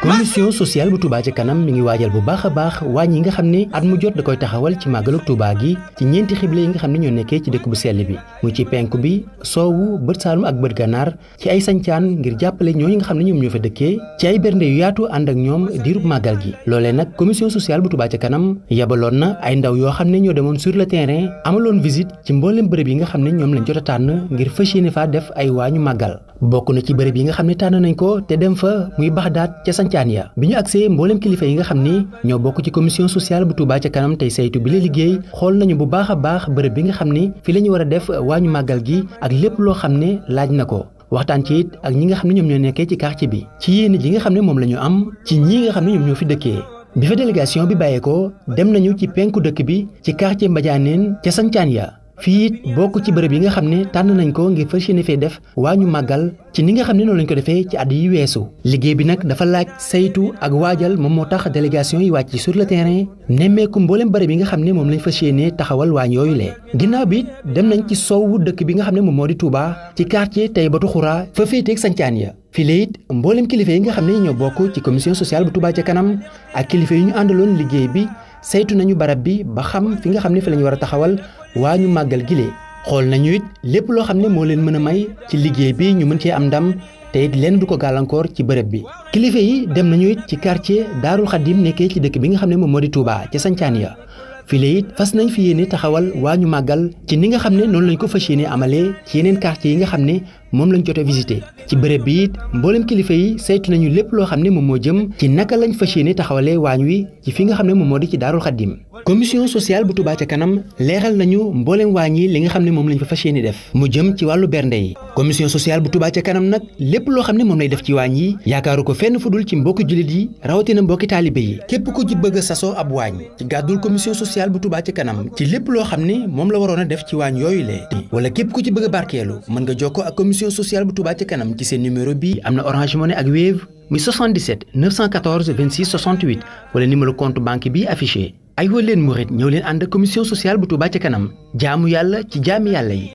commission sociale bu Touba ci kanam mi ngi waajal bu baax a baax wàññi yi nga xam ne at mu jot da koy taxawal ci màggalug tubaa gi ci ñeenti xible yi nga xam ne ñoo nekkee ci dëkk bu sell bi muy ci penk bi soowu bët saalum ak bët gànnaar ci ay sancaan ngir jàppale ñooñu nga xam ne ñoom ñoo fa dëkkee ci ay bernde yu yaatu ànd ak ñoom diirub màggal gi loolee nag commission sociale bu tubaa ci kanam yabaloon na ay ndaw yoo xam ne ñoo demoon sur le terrain amaloon visite ci mboolem yi nga xam ne ñoom lañ jot tànn ngir fas yéene faa def ay waañu màggal bokk na ci bërëb yi nga xam ne tànn nañ ko te dem fa muy Baxdaat ca sancaan ya bi ñu agsee mbooleem kilifa yi nga xam ni ñoo bokk ci commission sociale bu Touba ca kanam tey saytu bi la liggéey xool nañu bu baax a baax bërëb bi nga xam ni fi la ñu war a def waañu màggal gi ak lépp loo xam ne laaj na ko waxtaan ci it ak ñi nga xam ne ñoom ñoo nekkee ci quartier bi ci yéen ji nga xam ne moom la am ci ñii nga xam ne ñoom ñoo fi dëkkee bi fa délégation bi bàyyee ko dem nañu ci penku dëkk bi ci quartier Mbadianeen ca fii it bokk ci bërëb yi nga xam ne tànn nañ ko ngir fas yéene fee def waa ñu màggal ci ni nga xam ne noonu lañ ko defee ci at yi weesu liggéey bi nag dafa laaj saytu ak waajal moom moo tax délégation yi wàcc sur le terrain nemmeeku mbooleem bërëb yi nga xam ne moom lañ fas yéene taxawal waañ yooyu ginnaaw bi dem nañ ci soowu dëkk bi nga xam ne moom moo di Touba ci quartier Taïbatou Khoura fa féeteeg sancaan ya file it mboolem kilifa yi nga xam ne ñoo bokk ci commission sociale bu Touba ca kanam ak kilifa ñu àndaloon liggéey bi saytu nañu barab bi ba xam fi nga xam ne fi la ñu war a taxawal waa ñu màggal gile xool nañu it lépp loo xam ne moo leen mën a may ci liggéey bi ñu mën cee am ndam te it leen du ko gàllankoor ci bërëb bi kilifa yi dem nañu it ci quartier Daarul Xaddim nekkee ci dëkk bi nga xam ne moom moo di Touba ca sancaan ya file it fas nañ fi yéene taxawal waa ñu màggal ci ni nga xam ne noonu lañ ko fas ni amalee ci yeneen quartier yi nga xam ne moom lañ jotee visité ci bërëb bi mboolem kilifa yi saytu nañu lépp loo xam ne moom moo jëm ci naka lañ fas yéene taxawalee waañ wi ci fi nga xam ne moom moo di ci daarul xaddim commission sociale bu Touba ca kanam leeral nañu mboolem waañ yi li nga xam ne moom lañ fa fas yéene def mu jëm ci wàllu bernde yi commission sociale bu tubaa ca kanam nag lépp loo xam ne moom lay def ci waañ yi yaakaaru ko fenn fu dul ci mbokki jullit yi rawatina mbokki taalibe yi képp ku ci bëgg a sasoo ab waañ ci gàddul commission sociale bu Touba ca kanam ci lépp loo xam ne moom la waroon def ci yooyu le wala képp ku ci bëgg a barkeelu cohésion sociale bu Touba ca kanam ci seen numéro bi am na Orange Money ak Wave muy 77 914 26 68 wala numéro compte banque bi affiché ay wa leen murit ñëw leen ànd commission sociale bu Touba kanam jaamu yàlla ci jaami yàlla yi